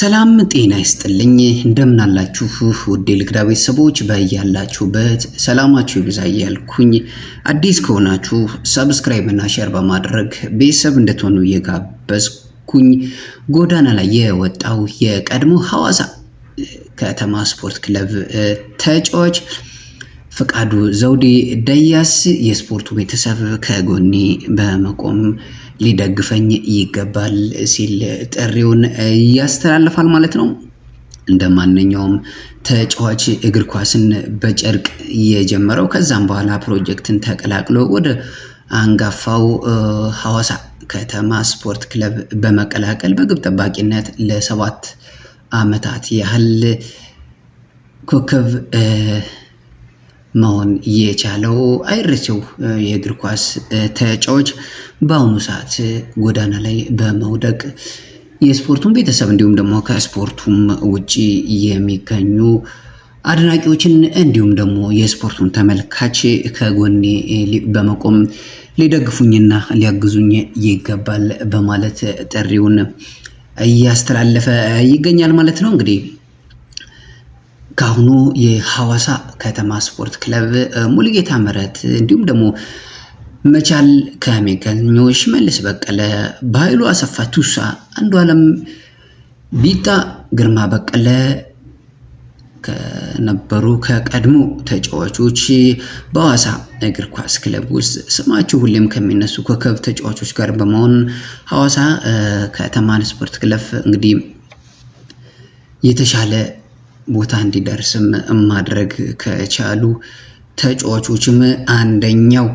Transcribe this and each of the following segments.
ሰላም ጤና ይስጥልኝ። እንደምን አላችሁ ውድ ልክዳ ቤተሰቦች፣ በያላችሁበት ሰላማችሁ ይብዛ እያልኩኝ አዲስ ከሆናችሁ ሰብስክራይብ እና ሼር በማድረግ ቤተሰብ እንድትሆኑ እየጋበዝኩኝ ጎዳና ላይ የወጣው የቀድሞ ሐዋሳ ከተማ ስፖርት ክለብ ተጫዋች ፈቃዱ ዘውዴ ደያስ የስፖርቱ ቤተሰብ ከጎኔ በመቆም ሊደግፈኝ ይገባል ሲል ጥሪውን ያስተላልፋል ማለት ነው። እንደ ማንኛውም ተጫዋች እግር ኳስን በጨርቅ የጀመረው ከዛም በኋላ ፕሮጀክትን ተቀላቅሎ ወደ አንጋፋው ሐዋሳ ከተማ ስፖርት ክለብ በመቀላቀል በግብ ጠባቂነት ለሰባት ዓመታት ያህል ኮከብ መሆን የቻለው አይረሴው የእግር ኳስ ተጫዋች በአሁኑ ሰዓት ጎዳና ላይ በመውደቅ የስፖርቱን ቤተሰብ እንዲሁም ደግሞ ከስፖርቱም ውጪ የሚገኙ አድናቂዎችን እንዲሁም ደግሞ የስፖርቱን ተመልካች ከጎኔ በመቆም ሊደግፉኝና ሊያግዙኝ ይገባል በማለት ጥሪውን እያስተላለፈ ይገኛል ማለት ነው እንግዲህ ከአሁኑ የሐዋሳ ከተማ ስፖርት ክለብ ሙሉጌታ ምህረት እንዲሁም ደግሞ መቻል ከሚገኙ ሽመልስ በቀለ፣ በኃይሉ አሰፋ ቱሳ፣ አንዱ ዓለም ቢጣ፣ ግርማ በቀለ ከነበሩ ከቀድሞ ተጫዋቾች በሐዋሳ እግር ኳስ ክለብ ውስጥ ስማቸው ሁሌም ከሚነሱ ኮከብ ተጫዋቾች ጋር በመሆን ሐዋሳ ከተማን ስፖርት ክለብ እንግዲህ የተሻለ ቦታ እንዲደርስም ማድረግ ከቻሉ ተጫዋቾችም አንደኛው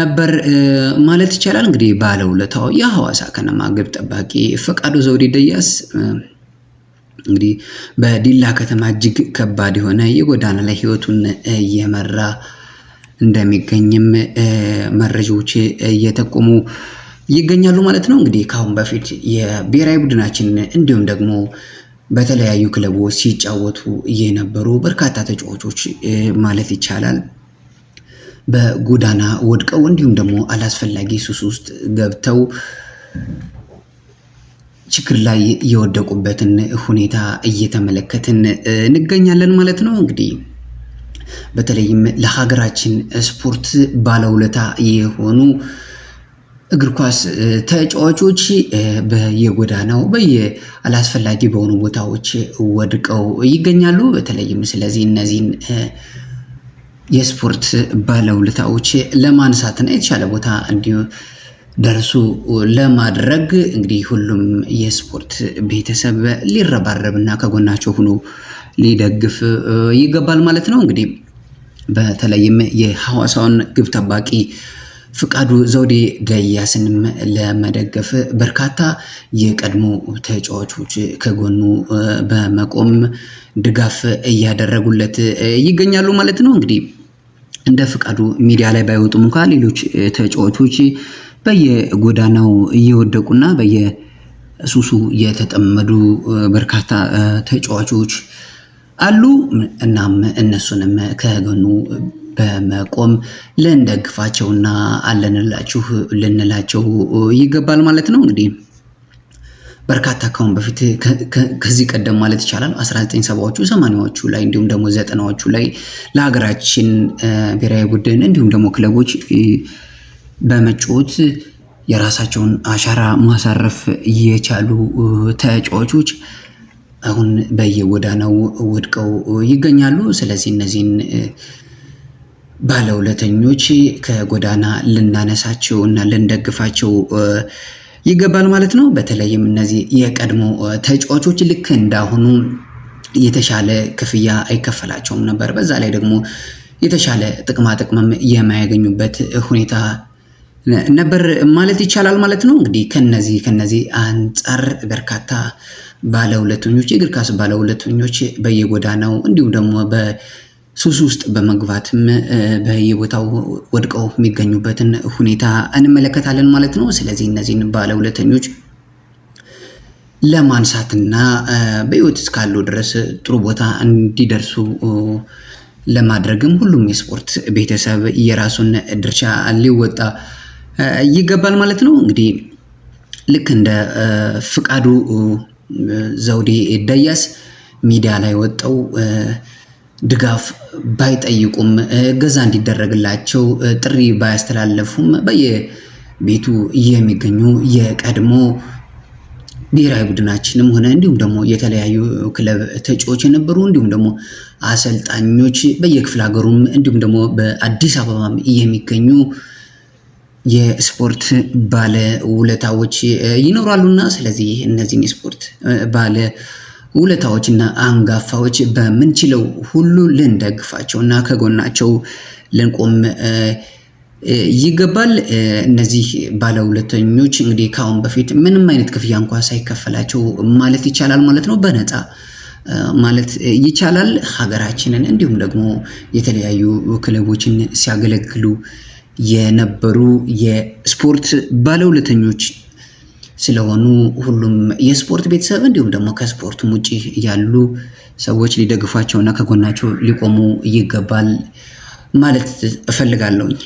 ነበር ማለት ይቻላል። እንግዲህ ባለውለታው የሐዋሳ ከነማ ግብ ጠባቂ ፈቃዱ ዘውዴ ደያስ እንግዲህ በዲላ ከተማ እጅግ ከባድ የሆነ የጎዳና ላይ ህይወቱን እየመራ እንደሚገኝም መረጃዎች እየጠቆሙ ይገኛሉ ማለት ነው። እንግዲህ ከአሁን በፊት የብሔራዊ ቡድናችን እንዲሁም ደግሞ በተለያዩ ክለቦች ሲጫወቱ የነበሩ በርካታ ተጫዋቾች ማለት ይቻላል በጎዳና ወድቀው እንዲሁም ደግሞ አላስፈላጊ ሱስ ውስጥ ገብተው ችግር ላይ የወደቁበትን ሁኔታ እየተመለከትን እንገኛለን ማለት ነው። እንግዲህ በተለይም ለሀገራችን ስፖርት ባለውለታ የሆኑ እግር ኳስ ተጫዋቾች በየጎዳናው በየአላስፈላጊ በሆኑ ቦታዎች ወድቀው ይገኛሉ። በተለይም ስለዚህ እነዚህን የስፖርት ባለውለታዎች ለማንሳትና የተሻለ ቦታ እንዲሁ ደርሱ ለማድረግ እንግዲህ ሁሉም የስፖርት ቤተሰብ ሊረባረብና ከጎናቸው ሆኖ ሊደግፍ ይገባል ማለት ነው። እንግዲህ በተለይም የሐዋሳውን ግብ ጠባቂ ፍቃዱ ዘውዴ ጋያስንም ለመደገፍ በርካታ የቀድሞ ተጫዋቾች ከጎኑ በመቆም ድጋፍ እያደረጉለት ይገኛሉ ማለት ነው። እንግዲህ እንደ ፍቃዱ ሚዲያ ላይ ባይወጡም እንኳ ሌሎች ተጫዋቾች በየጎዳናው እየወደቁና በየሱሱ የተጠመዱ በርካታ ተጫዋቾች አሉ። እናም እነሱንም ከጎኑ በመቆም ልንደግፋቸውና አለንላችሁ ልንላቸው ይገባል ማለት ነው እንግዲህ በርካታ ካሁን በፊት ከዚህ ቀደም ማለት ይቻላል 1970ዎቹ 80ዎቹ ላይ እንዲሁም ደግሞ ዘጠናዎቹ ላይ ለሀገራችን ብሔራዊ ቡድን እንዲሁም ደግሞ ክለቦች በመጫወት የራሳቸውን አሻራ ማሳረፍ የቻሉ ተጫዋቾች አሁን በየጎዳናው ወድቀው ይገኛሉ። ስለዚህ እነዚህን ባለውለተኞች ከጎዳና ልናነሳቸው እና ልንደግፋቸው ይገባል ማለት ነው። በተለይም እነዚህ የቀድሞ ተጫዋቾች ልክ እንዳሁኑ የተሻለ ክፍያ አይከፈላቸውም ነበር። በዛ ላይ ደግሞ የተሻለ ጥቅማ ጥቅምም የማያገኙበት ሁኔታ ነበር ማለት ይቻላል ማለት ነው። እንግዲህ ከነዚህ ከነዚህ አንጻር በርካታ ባለውለተኞች የእግር ኳስ ባለውለተኞች በየጎዳናው እንዲሁም ደግሞ በ ሱስ ውስጥ በመግባትም በየቦታው ወድቀው የሚገኙበትን ሁኔታ እንመለከታለን ማለት ነው። ስለዚህ እነዚህን ሁለተኞች ለማንሳትና በህይወት እስካሉ ድረስ ጥሩ ቦታ እንዲደርሱ ለማድረግም ሁሉም የስፖርት ቤተሰብ የራሱን ድርሻ ሊወጣ ይገባል ማለት ነው። እንግዲህ ልክ እንደ ፍቃዱ ዘውዴ ዳያስ ሚዲያ ላይ ወጥተው ድጋፍ ባይጠይቁም እገዛ እንዲደረግላቸው ጥሪ ባያስተላለፉም በየቤቱ የሚገኙ የቀድሞ ብሔራዊ ቡድናችንም ሆነ እንዲሁም ደግሞ የተለያዩ ክለብ ተጫዎች የነበሩ እንዲሁም ደግሞ አሰልጣኞች በየክፍለ ሀገሩም እንዲሁም ደግሞ በአዲስ አበባም የሚገኙ የስፖርት ባለውለታዎች ይኖራሉና ስለዚህ እነዚህን የስፖርት ባለ ውለታዎችና አንጋፋዎች በምንችለው ሁሉ እና ከጎናቸው ልንቆም ይገባል። እነዚህ ባለውለተኞች እንግዲህ ከአሁን በፊት ምንም አይነት ክፍያ እንኳ ሳይከፈላቸው ማለት ይቻላል ማለት ነው በነፃ ማለት ይቻላል ሀገራችንን እንዲሁም ደግሞ የተለያዩ ክለቦችን ሲያገለግሉ የነበሩ የስፖርት ባለውለተኞች ስለሆኑ ሁሉም የስፖርት ቤተሰብ እንዲሁም ደግሞ ከስፖርቱም ውጭ ያሉ ሰዎች ሊደግፏቸውና ከጎናቸው ሊቆሙ ይገባል ማለት እፈልጋለሁኝ።